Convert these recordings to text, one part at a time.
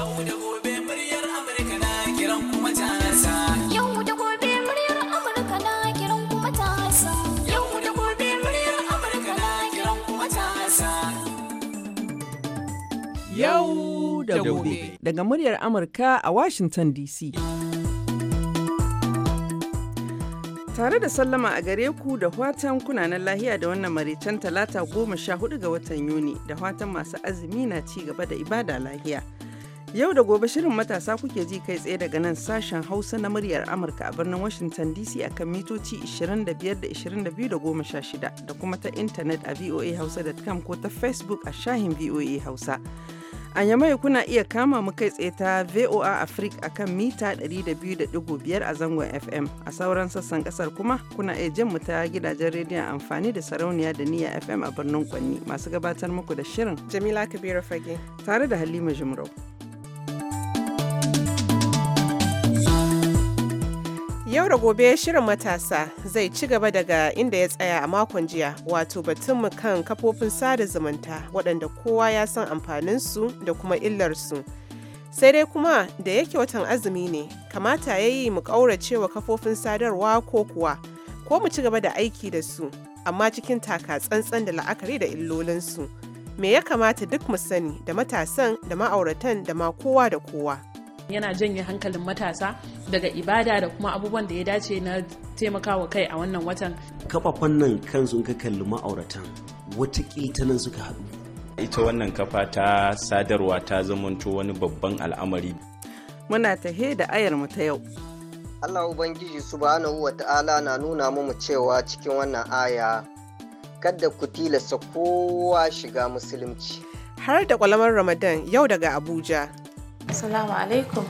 Yau da gobe muryar Amurka Daga muryar Amurka a Washington DC. tare da sallama a gare ku da watan kunanan lahiya da wannan maritan talata goma sha hudu ga watan yuni da watan masu azumi na ci gaba da ibada lahiya. Yau da gobe shirin matasa kuke ji kai tsaye daga nan sashen Hausa na muryar Amurka a birnin Washington DC akan mitoci 25 da 22 da 16 da kuma ta intanet a voahausa.com ko ta Facebook a shahin VOA Hausa. A Yamai kuna iya kama mu kai tsaye ta VOA Africa akan mita 200.5 a zangon FM. A sauran sassan kasar kuma kuna iya jin mu ta gidajen rediyon amfani da sarauniya da niyya FM a birnin Kwanni masu gabatar muku da shirin. Jamila Kabiru Fage. Tare da Halima Jumrau. Yau da gobe shirin matasa zai ci gaba daga inda ya tsaya a makon jiya wato batunmu kan kafofin sada zumunta waɗanda kowa ya san amfaninsu da kuma illarsu. Sai dai kuma da yake watan azumi ne, kamata ya yi mu ƙaurace wa kafofin sadarwa ko kuwa, ko mu ci gaba da aiki da su, amma cikin taka tsantsan da la'akari da illolinsu. Me ya kamata duk mu sani da matasan da ma'auratan da ma kowa da kowa. yana janye hankalin matasa daga ibada da kuma abubuwan da ya dace na taimakawa kai a wannan watan Kafafan nan kansu ka kalli ma'auratan wata nan suka haɗu ita wannan kafa ta sadarwa ta zamanto wani babban al'amari muna tahe da ayar mu ta yau Allah Ubangiji subhanahu wa na nuna mu cewa cikin wannan aya kada ku tilasta kowa shiga musulunci. Har da kwalamar Ramadan yau daga Abuja Assalamu alaikum.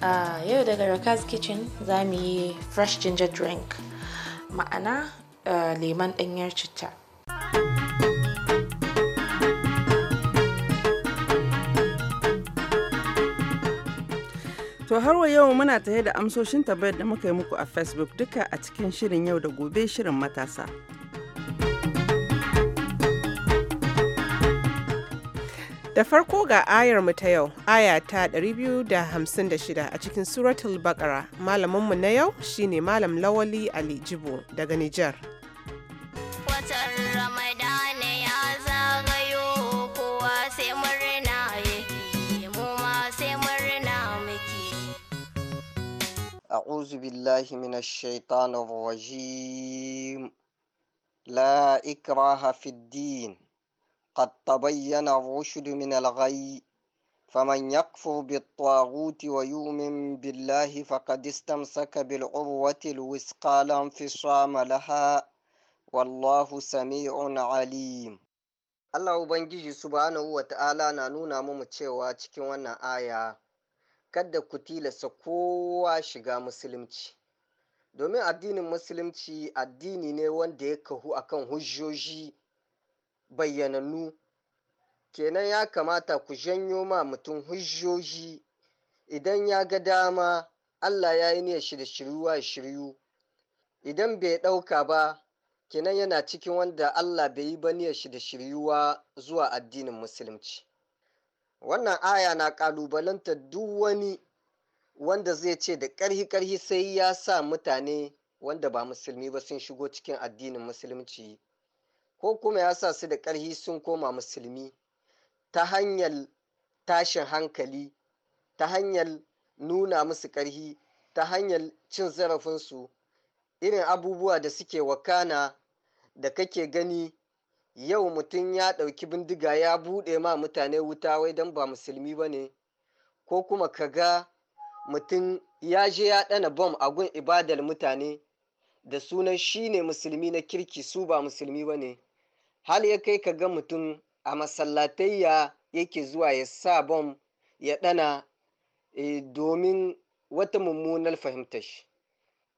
Ah, yau daga Rakaz Kitchen za mu yi fresh ginger drink, ma'ana ah, lemon ɗanyar citta. To har wa yau muna tafe da amsoshin tabbayar da muka yi muku a Facebook duka a cikin shirin yau da gobe shirin matasa. Da farko ga ayar mu ta yau, aya ta 256 a cikin Suratul bakara Malamin mu na yau shine Malam Lawali Ali Jibo daga Nijar. Watan Ramadana ya أعوذ بالله من الشيطان الرجيم لا إكراه في الدين قد تبين الرشد من الغي فمن يكفر بالطاغوت ويؤمن بالله فقد استمسك بالعروة الوثقى لا انفصام لها والله سميع عليم Allah Ubangiji subhanahu wa ta'ala na nuna mu cewa cikin wannan aya, kada ku tilasta kowa shiga musulunci. Domin addinin musulunci addini ne wanda ya kahu akan hujjoji bayyanannu kenan ya kamata ku janyo ma mutum hujjoji idan ya ga dama Allah ya yi ne shirye shiryuwa shiryu idan bai ɗauka ba kenan yana cikin wanda Allah bai yi ba ne shirye shiryuwa zuwa addinin musulunci wannan aya na ƙalubalanta duk wani wanda zai ce da ƙarhi-ƙarhi sai ya sa mutane wanda ba musulmi ba sun shigo cikin addinin musulunci ko kuma ya sa su da ƙarhi sun koma musulmi ta hanyar tashin hankali ta hanyar nuna musu ƙarhi ta hanyar cin zarafinsu irin abubuwa da suke wakana da kake gani yau mutum ya ɗauki bindiga ya buɗe ma mutane wuta wai don ba musulmi ba ne ko kuma ka ga mutum ya je ya ɗana bom a gun ibadar mutane da sunan shi ne musulmi na kirki su ba musulmi ba ne hal ya kai ka ga mutum a masallatayya yake zuwa ya sa bom ya ɗana e, domin wata mummunar fahimtar shi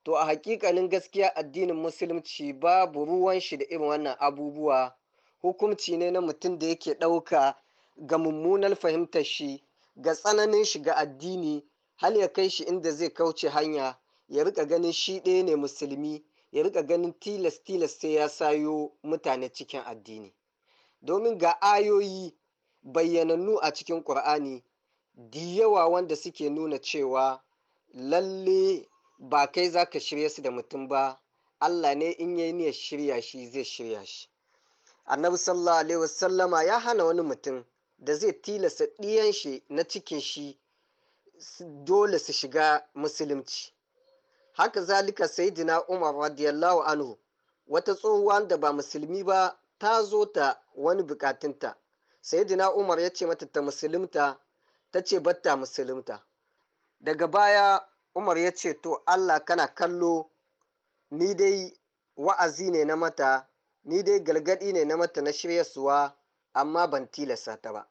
to a hakikalin gaskiya addinin musulunci babu ruwan shi da irin wannan abubuwa hukumci ne na mutum da yake ɗauka ga mummunar fahimtar shi ga tsananin shi ga addini hal ya kai shi inda zai kauce hanya ya rika ganin shi ɗaya ne musulmi ya rika ganin tilas tilas sai ya sayo mutane cikin addini domin ga ayoyi bayyanannu a cikin ƙur'ani yawa wanda suke nuna cewa lalle ba kai za ka shirya su da mutum ba allah ne in yi niyyar shirya shi zai shirya shi annabi sallallahu alaihi wasallama ya hana wani mutum da zai tilasta ɗiyan shi na cikin shi dole su shiga musulunci haka zalika saidina umar radiyallahu anhu wata tsohuwa da ba musulmi ba ta zo ta wani bukatunta saidina umar ya ce mata ta musulumta ta ce batta musulunta daga baya umar ya ce to allah kana kallo ni dai wa'azi ne na mata ni dai galgadi ne na mata na shirya suwa amma ban tilasta ta ba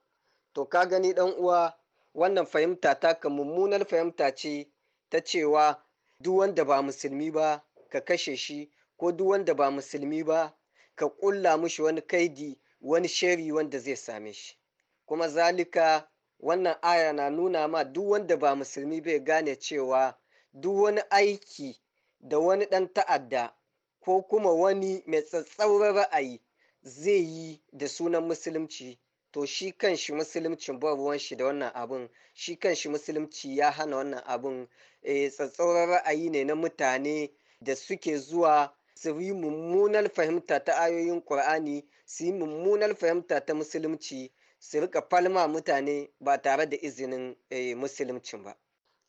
to ka gani dan uwa wannan fahimta taka mummunar fahimta ce ta cewa duk wanda ba musulmi ba ka kashe shi ko duk wanda ba musulmi ba ka ƙulla mushi wani kaidi wani shari wanda zai same shi kuma zalika wannan aya na nuna ma duk wanda ba musulmi bai gane cewa duk wani aiki da wani ɗan ta'adda ko kuma wani mai tsatsauran ra'ayi zai yi da sunan musulunci to shi kan shi musulunci ba ruwan shi da wannan abun shi kan shi musulunci ya hana wannan abun e, eh, tsatsauran ra'ayi ne na mutane da suke zuwa su yi mummunar fahimta ta ayoyin ƙur'ani su yi mummunar fahimta ta musulunci su rika falma mutane ba tare da izinin eh, musulunci ba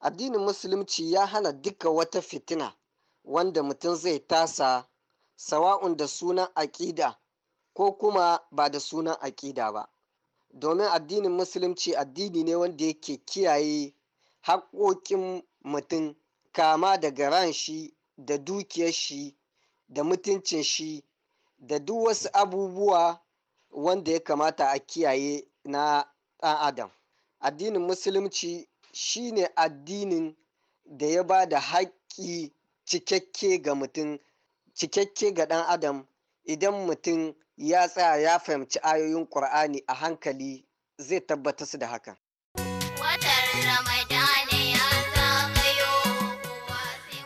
addinin musulunci ya hana duka wata fitina wanda mutum zai tasa sawa'un da sunan aƙida ko kuma ba da sunan aƙida ba domin addinin musulunci addini ne wanda yake kiyaye haƙoƙin mutum kama daga ran shi da dukiyar shi da mutuncin shi da duk wasu abubuwa wanda ya kamata a kiyaye na ɗan adam addinin musulunci shi ne addinin da ya ba da haƙƙi cikakke ga mutum cikakke ga ɗan adam idan mutum ya tsaya ya fahimci ayoyin ƙur'ani a hankali zai tabbatar su da hakan.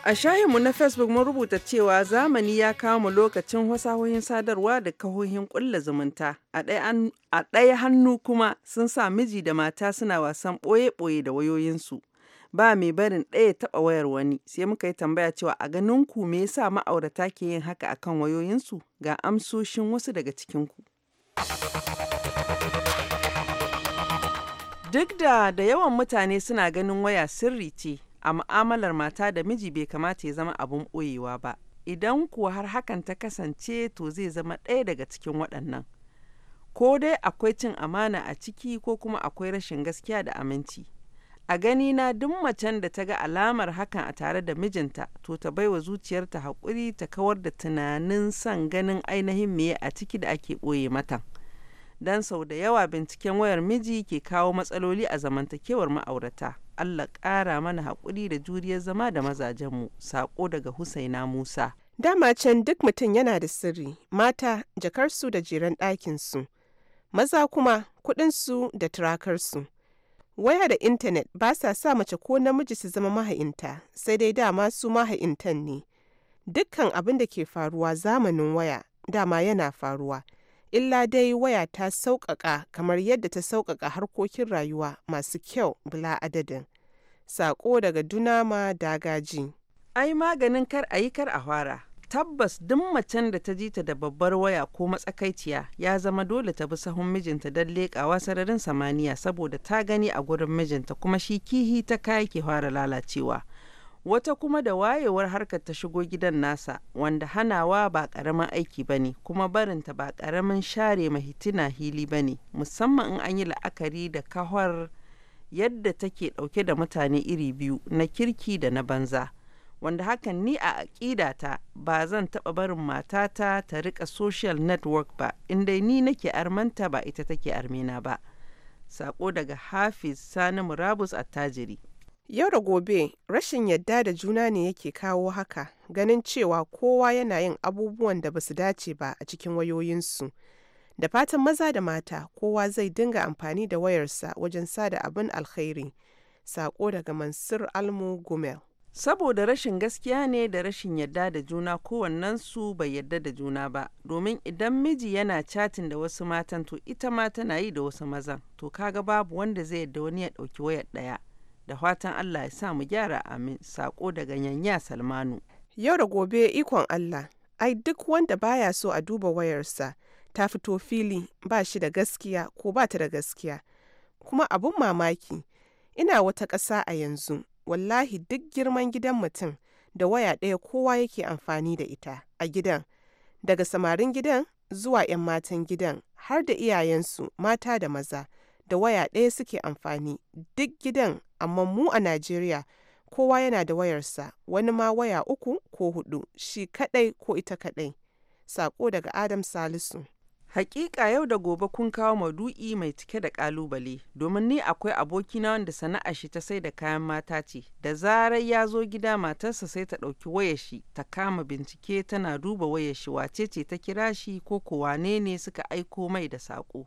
A shahinmu na Facebook mun rubuta cewa zamani ya kawo mu lokacin wasahohin sadarwa da kahohin ƙulla zumunta. A ɗaya hannu kuma sun sa miji da mata suna wasan ɓoye-ɓoye da wayoyinsu. ba mai barin ɗaya taɓa wayar wani sai muka yi tambaya cewa a ganin ku me yasa ma'aurata ke yin haka akan wayoyinsu ga amsoshin wasu daga cikin ku. Duk da da yawan mutane suna ganin waya sirri ce a mu'amalar mata da miji bai kamata ya zama abun ɓoyewa ba idan ku har hakan ta kasance to zai zama ɗaya daga cikin waɗannan. ko dai akwai cin amana a ciki ko kuma akwai rashin gaskiya da aminci A gani na duk macen da ta ga alamar hakan a tare da mijinta, to ta bai wa zuciyarta haƙuri ta kawar da tunanin san ganin ainihin meye a ciki da ake ɓoye mata. Don sau da yawa binciken wayar miji ke kawo matsaloli a zamantakewar ma'aurata. Allah ƙara mana haƙuri da juriyar zama da mazajenmu. Saƙo daga Husaina Musa. Dama can duk mutum yana da sirri, mata jakarsu da jiran ɗakinsu, maza kuma kuɗinsu da turakarsu. waya da intanet ba sa sa mace ko namiji su zama maha'inta sai dai dama su maha'intan ne dukkan abin da ke faruwa zamanin waya dama yana faruwa illa dai waya ta sauƙaƙa kamar yadda ta sauƙaƙa harkokin rayuwa masu kyau bila adadin saƙo daga dunama dagaji ai maganin kar a yi kar a fara tabbas duk macen da ta ji ta da babbar waya ko matsakaiciya ya zama dole ta bi sahun mijinta don leƙawa sararin samaniya saboda ta gani a gurin mijinta kuma shi kihi ta kaya ke fara lalacewa wata kuma da wayewar harkar ta shigo gidan nasa wanda hanawa ba ƙaramin aiki ba ne kuma barinta ba ƙaramin share mahitina hili ba ne musamman in an yi la'akari da kahwar yadda take ɗauke da mutane iri biyu na kirki da na banza. wanda hakan ni a aƙidata ba zan taɓa barin matata ta riƙa social network ba inda ni nake armanta ba ita take armina ba sako daga hafiz sani murabus attajiri yau da gobe rashin yadda da juna ne yake kawo haka ganin cewa kowa yana yin abubuwan da ba su dace ba a cikin wayoyinsu da fatan maza da mata kowa zai dinga amfani da wayarsa wajen sada abin alkhairi sako daga mansur almu gumel Saboda rashin gaskiya ne da rashin yadda da juna su bai yadda da juna ba, domin idan miji yana catin da wasu matan to ita ma tana yi da wasu mazan, to kaga babu wanda zai yarda wani ya ɗauki wayar ɗaya. Da fatan Allah ya sa mu gyara amin, sako daga yanya Salmanu. Yau da gobe ikon Allah, ai duk wanda baya so a duba wayarsa ta fito fili ba shi da gaskiya ko ba ta da gaskiya. Kuma abun mamaki, ina wata ƙasa a yanzu wallahi duk girman gidan mutum da waya ɗaya kowa yake amfani da ita a gidan daga samarin gidan zuwa 'yan matan gidan har da iyayensu mata da maza da waya ɗaya suke amfani duk gidan amma mu a najeriya kowa yana da wayarsa wani ma waya uku ko hudu shi kadai ko ita kadai sako daga adam salisu Hakika yau da gobe kun kawo Madu'i mai cike da kalubale domin ni akwai abokina wanda sana'ar shi ta sai da kayan mata ce da zarar ya zo gida matarsa sai ta ɗauki wayar shi ta kama bincike tana duba wayar shi wace ce ta kira shi ko ko wane ne suka aiko mai da saƙo.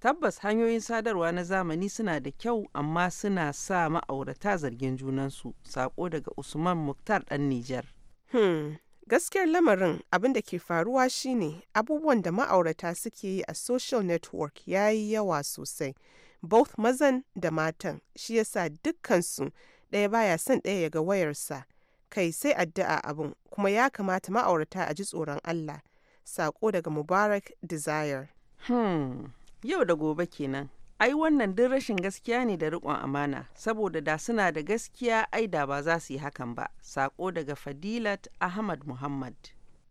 Tabbas hanyoyin sadarwa na zamani suna da kyau amma suna sa ma'aurata zargin junansu. Sako daga Usman Muktar ɗan Nijar. Hmm. Gaskiyar lamarin abin da ke faruwa shine abubuwan da ma'aurata suke yi a social network ya yi yawa sosai, both mazan da matan, shi yasa dukkansu ɗaya baya son ɗaya ya ga wayarsa. Kai sai addu'a abin kuma ya kamata ma'aurata a ji tsoron Allah. Sako daga Mubarak Desire. Hmm, yau da gobe kenan. ai wannan duk rashin gaskiya ne da riƙon amana saboda da suna da gaskiya ai da ba za su yi hakan ba sako daga fadilat ahmad muhammad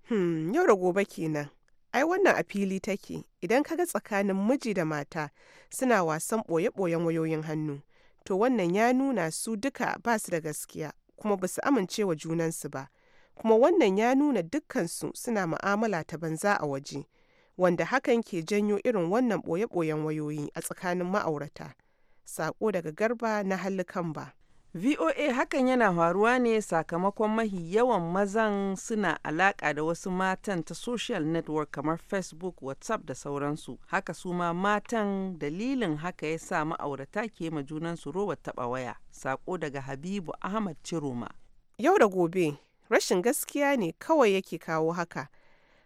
hmm yau da gobe kenan ai wannan a fili take idan ka ga tsakanin miji da mata suna wasan ɓoye boyen wayoyin hannu to wannan ya nuna su duka ba su da gaskiya kuma ba su amince wa junansu ba kuma wannan ya nuna dukkansu suna mu'amala ta banza a waje wanda hakan ke janyo irin wannan ɓoye-ɓoyen wayoyi a tsakanin ma'aurata. Sako daga Garba na Hallikan ba. VOA hakan yana faruwa ne sakamakon mahi yawan mazan suna alaƙa da wasu matan ta social network kamar Facebook, WhatsApp da sauransu. Haka su ma matan dalilin haka ya sa ma'aurata ke ma junansu robar taɓa waya. Sako daga Habibu Ahmad Chiroma. Yau da gobe, rashin gaskiya ne kawai yake kawo haka.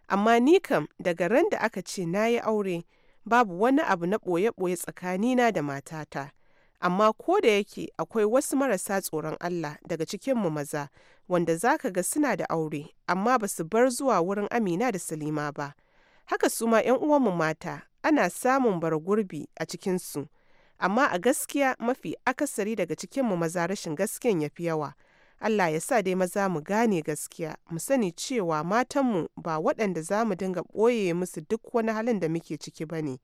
amma ni kam daga ran da aka ce na yi aure babu wani abu na ɓoye-ɓoye tsakanina da matata. Amma ko da yake akwai wasu marasa tsoron Allah daga cikinmu maza wanda za ka ga suna da aure amma ba su bar zuwa wurin Amina da Salima ba. Haka su ma uwanmu mata ana samun bar gurbi a cikinsu. Amma a gaskiya mafi akasari daga cikinmu maza rashin gaskiyan ya fi yawa. Allah ya sa dai maza mu gane gaskiya, mu sani cewa matanmu ba waɗanda za mu dinga ɓoye musu duk wani halin da muke ciki ba ne.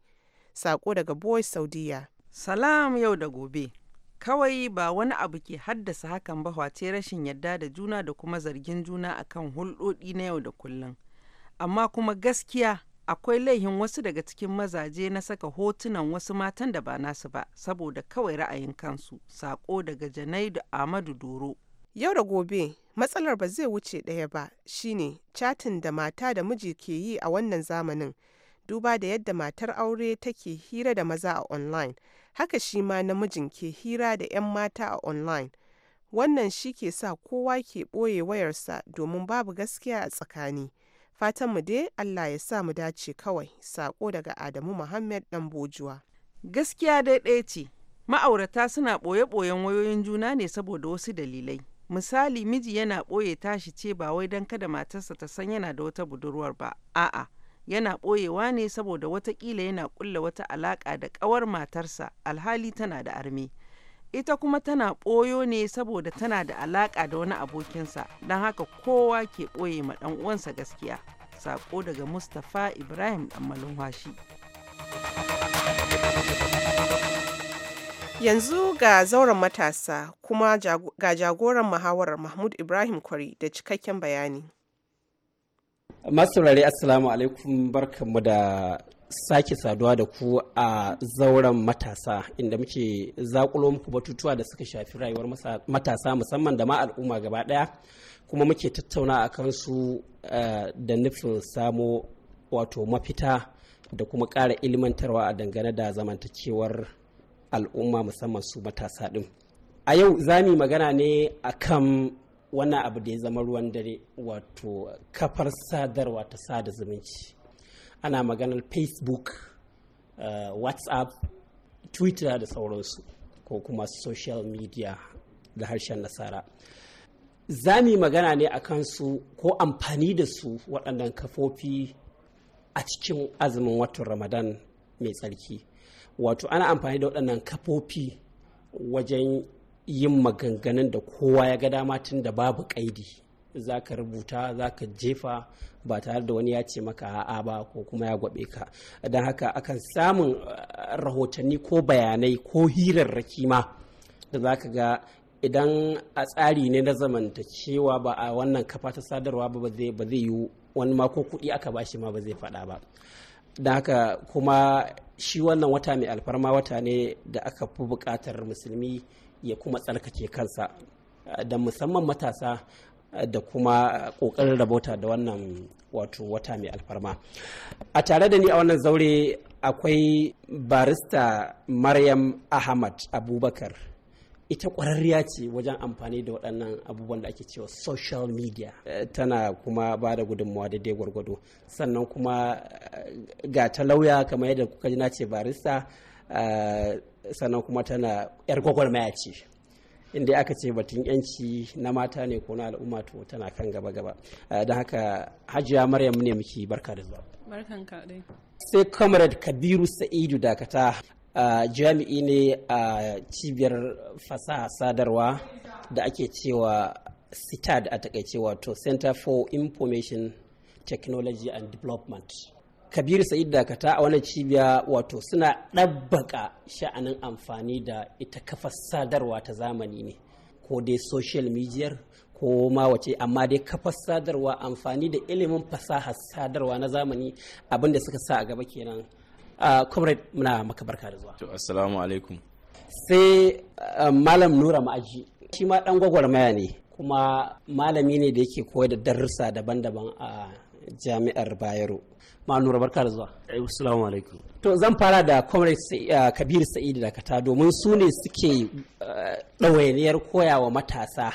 Sako daga Boy Saudiya. Salam yau da gobe. Kawai ba wani abu ke haddasa hakan ba wace rashin yadda da juna da kuma zargin juna akan hulɗoɗi na yau da kullum. Amma kuma gaskiya akwai laihin wasu daga cikin mazaje na saka hotunan wasu matan da ba nasu ba saboda kawai ra'ayin kansu. saƙo daga Janaidu Ahmadu Doro. Yau da gobe, matsalar ba zai wuce ɗaya ba shine, chatin da mata da miji ke yi a wannan zamanin, duba da yadda matar aure take hira da maza a online, haka shi ma namijin ke hira da 'yan mata a online. Wannan shi ke sa kowa ke ɓoye wayarsa domin babu gaskiya a tsakani. mu dai Allah ya sa mu dace kawai, sako daga Adamu Muhammad ɗan Bojuwa. Gaskiya daidai ce, ma'aurata suna ɓoye-ɓoyen wayoyin juna ne saboda wasu dalilai. misali miji yana ɓoye tashi ce ba wai don kada matarsa ta san yana da wata budurwar ba a'a yana ɓoyewa ne saboda watakila yana ƙulla wata alaƙa da ƙawar matarsa alhali tana da arme ita kuma tana ɓoyo ne saboda tana da alaƙa da wani abokinsa don haka kowa ke ɓoye ma ɗan uwansa gaskiya sako daga mustapha ibrahim ɗan malumhashi. Yanzu ga zauren matasa kuma ga jagoran muhawarar Mahmud Ibrahim Kwari da cikakken bayani. Masu saurare Assalamu alaikum barkanmu da sake saduwa da ku a zauren matasa inda muke zakulo muku batutuwa da suka shafi rayuwar matasa musamman da ma al'umma gaba daya kuma muke tattauna a kansu eh, da nufin samo wato mafita da kuma ƙara ilmantarwa a dangane da zamantakewar al'umma musamman su matasa ɗin a yau za mu magana ne akan wannan abu da ya zama ruwan dare wato kafar sadarwa ta sada zumunci ana maganar facebook eh, whatsapp twitter da sauransu ko kuma social media da harshen nasara za mu magana ne a kansu ko amfani da su waɗannan kafofi a cikin azumin watan ramadan mai tsarki wato ana amfani da waɗannan kafofi wajen yin maganganun da kowa ya ga dama tun da babu ƙaidi za ka rubuta za ka jefa ba tare da wani ya ce maka a'a ba ko kuma ya gwabe ka don haka akan samun eh, rahotanni ko bayanai ko hirarraki ma da za ka ga idan a tsari ne na zamantakewa ba a wannan kafa ta sadarwa ba ba zai yiwu wani ma ko kuɗi aka bashi ma ba zai faɗa ba da haka kuma shi wannan wata mai alfarma wata ne da aka fi buƙatar musulmi ya kuma tsarkake kansa da musamman matasa da kuma ƙoƙarin rabota da wannan wato wata mai alfarma a tare da ni a wannan zaure akwai barista maryam ahmad abubakar ita ƙwararriya ce wajen amfani da waɗannan abubuwan da ake cewa social media eh, tana kuma ba da gudunmawa dai gwargwado sannan kuma eh, ga ta lauya kamar yadda kuka ji na ce barista eh, sannan kuma tana 'yar gwagwarmaya ce inda aka ce batun yanci na mata ne ko na al'umma to tana kan gaba gaba don haka hajiya maryam ne muke barka da zuwa sai comrade kabiru sa'idu dakata jami'i ne a cibiyar fasaha sadarwa da ake cewa SITAD a takaice wato center for information technology and development kabir sa'id dakata a wannan cibiya wato suna ɗabbaka sha'anin amfani da ita kafar sadarwa ta zamani ne ko dai social media ko ma wace amma dai kafar sadarwa amfani da ilimin fasahar sadarwa na zamani abinda suka sa a gaba kenan Ah, comrade muna maka barka da zuwa to assalamu alaikum sai ah, malam nura ma'aji shi ma dan gwagwarmaya ne kuma malami ne da yake koyar da darussa daban-daban a jami'ar bayero ma nura barka da zuwa eh, assalamu alaikum to zan fara da comrade ah, kabir sa'idu Kata domin su ne suke ɗawainiyar koyawa matasa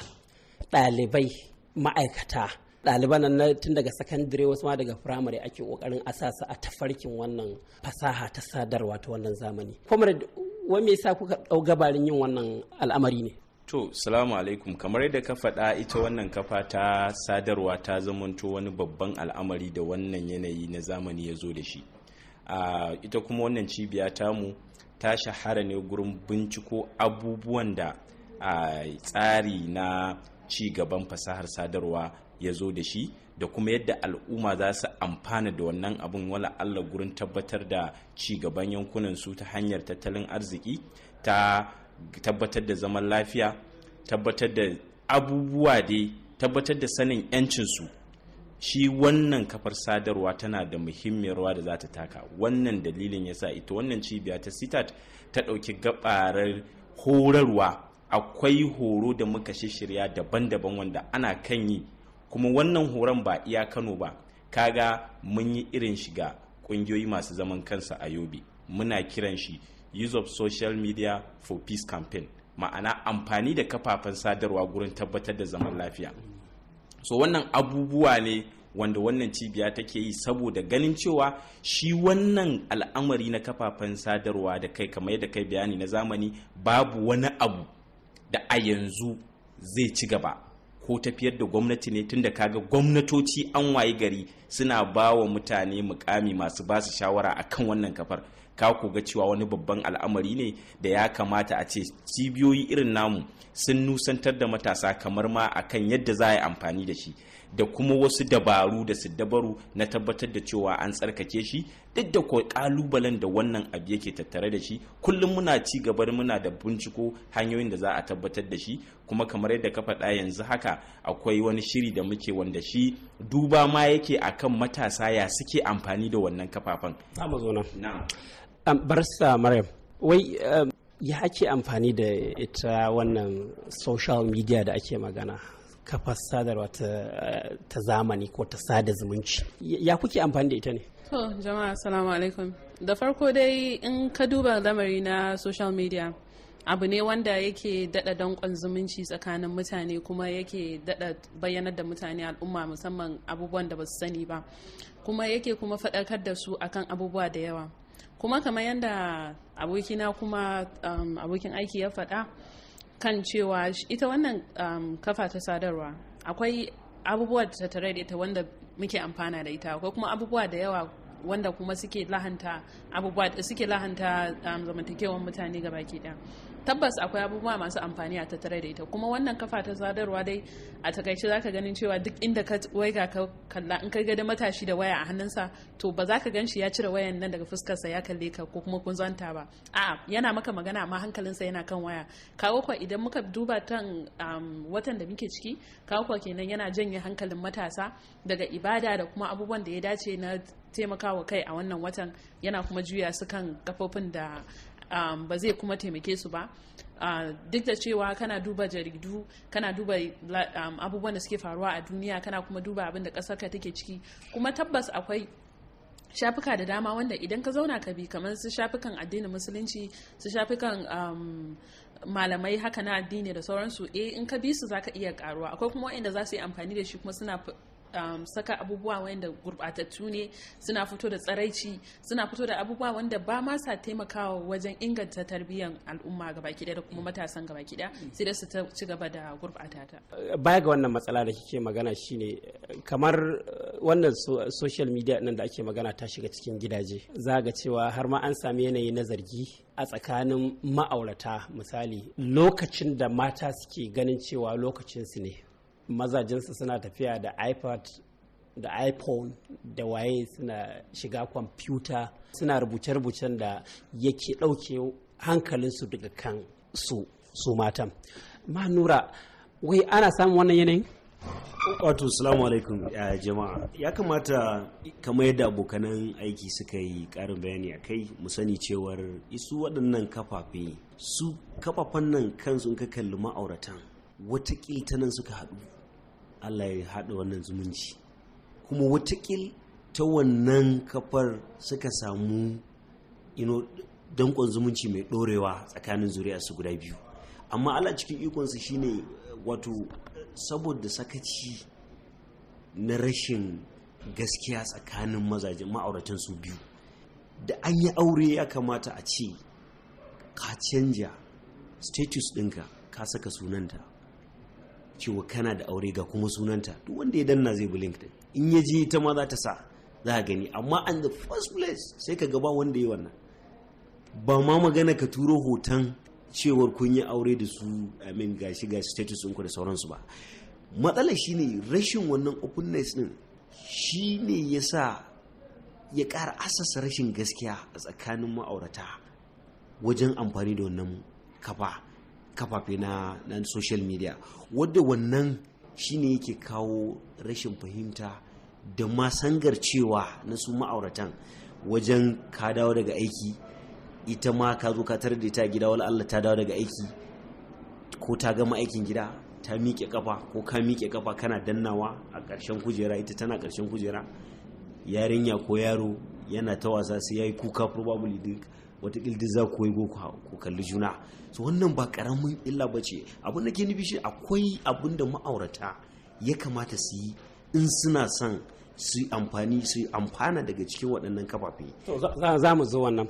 ɗalibai ma'aikata ɗaliban nan tun daga sakandire wasu ma daga firamare ake ƙoƙarin su a tafarkin wannan fasaha ta sadarwa ta wannan zamani comrade wani me yasa kuka ɗau gabarin yin wannan al'amari ne To, salamu alaikum kamar yadda ka faɗa ita wannan kafa ta sadarwa ta zamanto wani babban al'amari da wannan yanayi na zamani ya zo da shi. Uh, ita kuma wannan cibiya mu ta shahara ne gurin binciko abubuwan da tsari na ci gaban fasahar sadarwa ya zo da shi da kuma yadda al'umma za su amfana da wannan abin wala Allah gurin tabbatar da ci gaban yankunan su ta hanyar tattalin arziki ta tabbatar da zaman lafiya tabbatar da abubuwa dai tabbatar da sanin 'yancinsu shi wannan kafar sadarwa tana da muhimmiyar rawa da za ta taka wannan dalilin yasa ita wannan cibiya ta sitat ta ɗauki gabarar horarwa akwai horo da muka shirya daban-daban wanda ana kan yi kuma wannan horon ba iya kano ba kaga mun yi irin shiga kungiyoyi masu zaman kansa a yobe muna kiran shi use of social media for peace campaign ma'ana amfani da kafafen sadarwa gurin tabbatar da zaman lafiya so wannan abubuwa ne wanda wannan cibiya take yi saboda ganin cewa shi wannan al'amari na kafafen sadarwa da kai kamar yadda kai bayani na zamani babu wani abu da a yanzu zai ci gaba ko tafiyar da gwamnati ne tunda kaga gwamnatoci an waye gari suna ba wa mutane mukami masu ba su shawara akan wannan kafar ka ga cewa wani babban al'amari ne da ya kamata a ce cibiyoyi irin namu sun nusantar da matasa kamar ma akan yadda za a yi amfani da shi da kuma wasu dabaru da su na tabbatar da cewa an tsarkake shi duk da kalubalen da wannan abu yake tattare da shi kullum muna ci gabar muna da binciko hanyoyin da za a tabbatar da shi kuma kamar yadda ka faɗa yanzu haka akwai wani shiri da muke wanda shi duba ma yake akan matasa ya suke amfani da wannan kafafen. Um, ya ake amfani da ita wannan social media da ake magana kafar sadarwa ta zamani ko ta sada zumunci ya kuke amfani da ita ne to jama'a assalamu alaikum da farko dai in ka duba lamari na social media abu ne wanda yake dada danƙon zumunci tsakanin mutane kuma yake dada bayyanar da mutane al'umma musamman abubuwan da ba su sani ba kuma yake kuma faɗakar da su akan abubuwa da yawa kuma kamar yadda abokina kuma um, abokin aiki ya faɗa kan cewa ita wannan um, kafa ta sadarwa akwai abubuwa ta tare da ita wanda muke amfana da ita akwai kuma abubuwa da yawa wanda kuma suke lahanta abubuwa suke lahanta um, zamantakewar mutane baki ɗaya. tabbas akwai abubuwa masu amfani a tattare da ita kuma wannan kafa ta sadarwa dai a takaice za ka ganin cewa duk inda ka waiga ka kalla in ka gada matashi da waya a hannunsa to ba za ka gan shi ya cire wayan nan daga fuskarsa ya kalle ka ko kuma kun zanta ba a'a yana maka magana amma hankalinsa yana kan waya kawo kwa idan muka duba tan watan da muke ciki kawo kwa kenan yana janye hankalin matasa daga ibada da kuma abubuwan da ya dace na taimakawa kai a wannan watan yana kuma juya su kan kafofin da um, ba zai kuma taimake su ba uh, duk da cewa kana duba jaridu kana duba um, abubuwan da suke faruwa a duniya kana kuma duba abin da kasar ka take ciki kuma tabbas akwai shafuka da dama wanda idan ka zauna ka bi kamar su shafukan addinin musulunci su shafukan um, malamai haka na addini da sauransu eh in ka bi su zaka iya karuwa akwai kuma wanda za su yi amfani da shi kuma suna um, saka abubuwa wanda gurbatattu ne suna fito da tsaraici suna fito da abubuwa wanda ba ma sa taimakawa wajen inganta tarbiyyar al'umma gabaki da kuma matasan gabaki daya sai da su ci gaba da gurbatata. baya ga wannan matsala da kike magana shine kamar eh, wannan sosiyal social media nan da ake magana ta shiga cikin gidaje za ga cewa har ma an sami yanayi na zargi a tsakanin ma'aurata misali lokacin da mata suke ganin cewa lokacin su ne mazajinsu suna tafiya da ipad da iphone da waye suna shiga kwamfuta suna rubuce-rubucen da yake ɗauke hankalinsu daga kan su su matan ma nura wai ana samun wannan yanayin wato salamu alaikum jama'a ya kamata kamar yadda abokanan aiki suka yi karin bayani a kai mu sani cewar isu waɗannan kafafe su kafafan nan kansu ka kalli ma'auratan wata ƙiltanan suka haɗu allah ya haɗa wannan zumunci kuma watakil ta wannan kafar suka samu danƙon zumunci mai ɗorewa tsakanin zuri'a su guda biyu amma allah cikin ikonsa shine wato saboda sakaci na rashin gaskiya tsakanin mazajen ma'auratan su biyu da an yi aure ya kamata a ce ka canja status ɗinka ka saka sunanta cewa kana da aure ga kuma sunanta duk wanda ya danna zai bi linkedin in ya ji ta ma za ta sa za a gani amma an the first place sai ka gaba wanda ya yi wannan ba ma magana ka turo hoton cewar kun yi aure da su amin gashi ga shi status ɗinku da sauransu ba matsalar shine rashin wannan openness din shine ya sa ya ƙara asasa rashin gaskiya a tsakanin ma'aurata wajen amfani da wannan kafa kafafe na social media wadda wannan shi ne yake kawo rashin fahimta da masangar cewa na su ma'auratan wajen ka dawo daga aiki ita ma ka zo ka tarar da ta gida wala Allah ta dawo daga aiki ko ta gama aikin gida ta miƙe kafa ko ka miƙe kafa kana dannawa a ƙarshen kujera ita tana ƙarshen kujera yarinya ko yaro yana ta wasa sai yayi kuka probably duk watakil duk za ku yi ku kalli juna su wannan ba karamin illa ba ce abin da ke nufi shi akwai abin da ma'aurata ya kamata su yi in suna son su yi amfani su yi amfana daga cikin waɗannan kafafe za mu zo wannan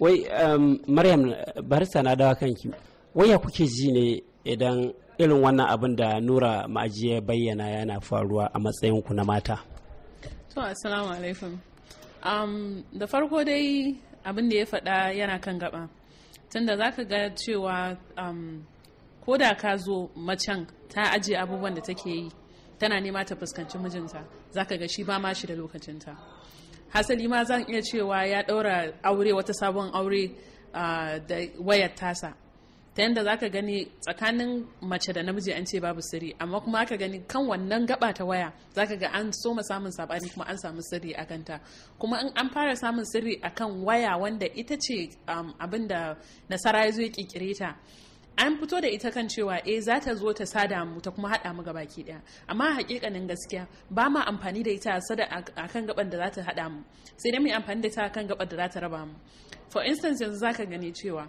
wai um, maryam barista na dawa kanki waya kuke ji ne idan irin wannan abin da nura ma'ajiya bayyana yana faruwa a matsayin ku na mata to assalamu alaikum um, da farko dai abin da ya faɗa yana kan gaba tunda za ka ga cewa um, ko da ka zo macen ta ajiye abubuwan da take yi tana nema ta fuskanci mijinta za ka ga shi ba ma shi da lokacinta hasali ma zan iya cewa ya ɗaura aure wata sabon aure uh, da wayar tasa ta yadda za ka gani tsakanin mace da namiji an ce babu sirri amma kuma aka gani kan wannan gaba ta waya za ka ga an soma samun sabani kuma an samu sirri a kanta kuma in an fara samun sirri a kan waya wanda ita ce um, abinda nasara ya zo ya kikire ta an fito da ita kan cewa eh za ta zo ta sada mu ta kuma haɗa mu gaba ki daya amma hakikanin gaskiya ba ma amfani da ita sada a kan gaban da za ta haɗa mu sai dai mai amfani da ita a kan gaban da za ta raba mu for instance yanzu za ka gani cewa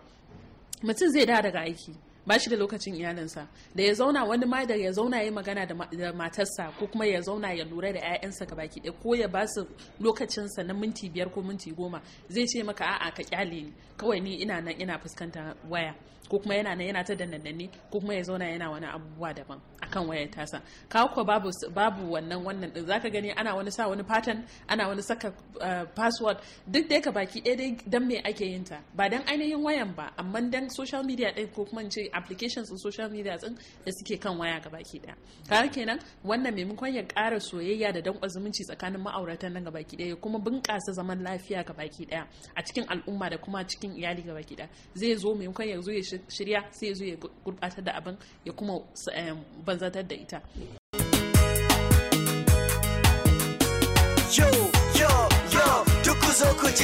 mutum zai da daga aiki ba shi da lokacin iyalinsa da ya zauna wani ma da ya zauna ya magana da matarsa ko kuma ya zauna ya lura da 'ya'yansa ga baki ɗaya ko ya ba su lokacinsa na minti biyar ko minti goma zai ce maka a'a ka kyale ni kawai ni ina nan ina fuskantar waya ko kuma yana nan yana ta dandanne ko kuma ya zauna yana wani abubuwa daban akan wayar tasa ka ko babu wannan wannan din zaka gani ana wani sa wani pattern ana wani saka eh, password duk dai ka baki ɗaya dai dan me ake yin ta ba dan ainihin wayan ba amma dan social media ɗin ko kuma ce applications social media din da suke kan waya ga baki ɗaya kaga kenan wannan maimakon ya ƙara soyayya da danƙon zumunci tsakanin ma'auratan nan ga baki ɗaya kuma bunƙasa zaman lafiya ga baki ɗaya a cikin al'umma da kuma cikin iyali ga baki ɗaya zai zo maimakon ya zo ya shirya sai ya zo ya gurbatar da abin ya kuma eh, banzatar da ita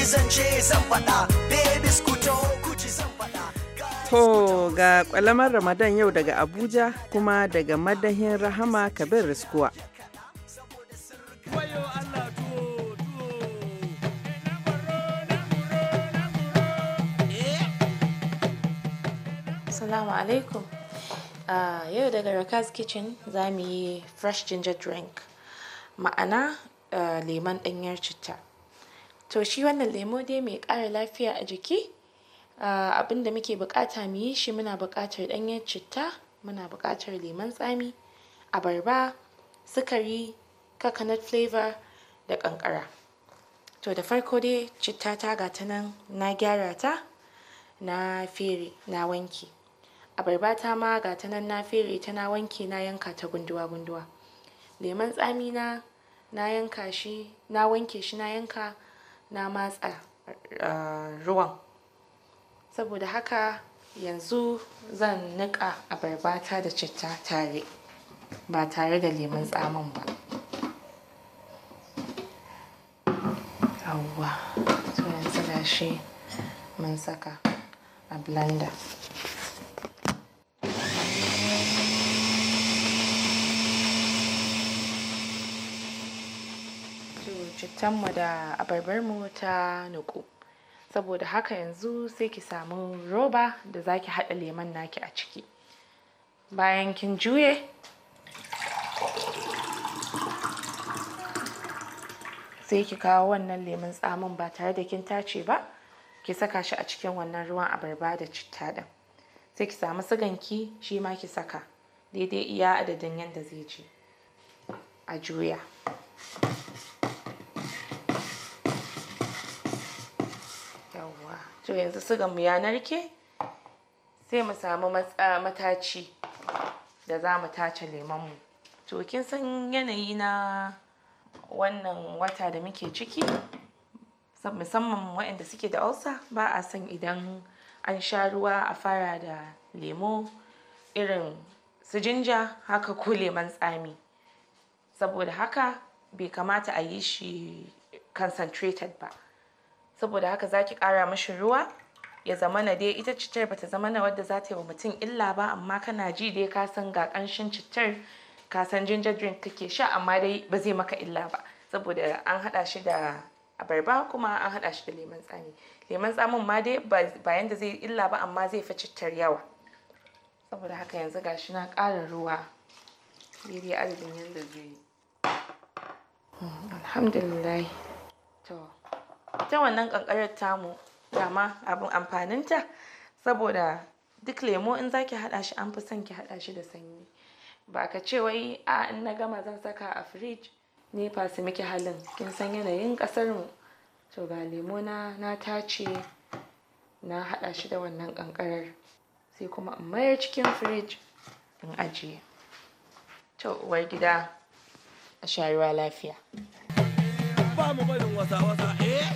zance zan faɗa To ga kwalamar Ramadan yau daga Abuja kuma daga madahin Rahama Kabir Riskuwa. Assalamu alaikum. Ah, yau daga Rakaz Kitchen za mu yi fresh ginger drink, ma'ana ah, lemon ɗanyar citta. To shi wannan lemo dai mai ƙara lafiya a jiki, ah, abinda muke buƙata mu yi shi muna buƙatar ɗanyar citta, muna buƙatar lemon tsami, abarba, sukari, coconut flavor da ƙanƙara. To da farko dai citta ta gata nan na gyara ta, na fere na wanke abarba ta ma ga ta nan na fere ta na wanke na yanka ta gunduwa gunduwa lemon tsami na na yanka shi na wanke shi na yanka na matsa ah, ruwan saboda haka yanzu zan niƙa abarba ta da citta tare ba tare da leman tsamin ba yawwa to yanzu mun saka a blender cittanmu da abarbar mu ta nuku saboda haka yanzu sai ki samu roba da zaki ki haɗa lemon naki a ciki bayan kin juye sai ki kawo wannan lemon tsamin ba tare da kin tace ba ki saka shi a cikin wannan ruwan abarba da citta din. sai ki samu siganki shi ma ki saka daidai iya adadin yadda zai ji a juya to yanzu sugan mu ya narke sai mu samu mataci da za mu tace lemon mu to kin san yanayi na wannan wata da muke ciki musamman waɗanda suke da ulcer ba a son idan an sha ruwa a fara da lemo irin su jinja haka ko lemon tsami saboda haka bai kamata a yi shi concentrated ba saboda haka zaki kara mashi ruwa ya zama na dai ita cittar bata na wadda za ta yi wa mutum illa ba amma kana ji dai ka san ga ƙanshin cittar ka san ginger drink kake sha amma dai ba zai maka illa ba saboda an haɗa shi da abarba kuma an haɗa shi da lemon tsami lemon tsamin ma dai ba yanda zai illa ba amma zai fi cittar yawa saboda haka yanzu gashi na ƙara ruwa daidai adadin yanda zai yi hmm, alhamdulillah to ta wannan kankarar tamu dama abin amfaninta saboda duk lemo in zaki haɗa shi an fi son ki haɗa shi da sanyi ba ka ce wai a in na gama zan saka a firij ne fasu miki halin kin san yanayin ƙasar mu to ga lemo na na tace na haɗa shi da wannan kankarar sai kuma in mayar cikin firij in ajiye to uwar gida a sha lafiya Eh?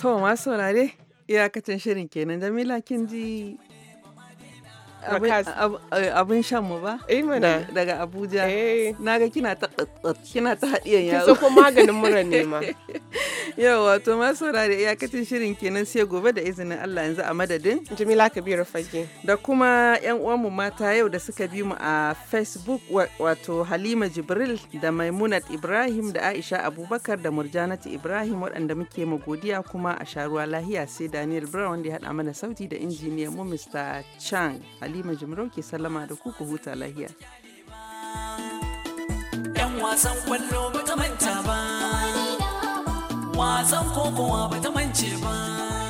To masu saurare iyakacin shirin kenan Jamila kin Eh, abin shan mu ba? Eh Daga Abuja. Eh. Na ga kina ta eh, kina ta haɗiyan yawo. Kisa ko maganin mura ne ma. wato masu ma iyakacin shirin kenan sai gobe da izinin Allah yanzu a madadin. Jamila Kabiru Fage. Da kuma yan uwan mu mata yau da suka bi mu a Facebook wato Halima Jibril da Maimunat Ibrahim da Aisha Abubakar da Murjanatu Ibrahim waɗanda muke mu godiya kuma a sharuwa lahiya sai Daniel Brown wanda ya haɗa mana sauti da injiniyan mu Mr. Chang. Halima Jimrau ke sallama da ku ku huta lahiya. Yan wasan kwallo ba ta manta ba, wasan kokowa ba ta mance ba.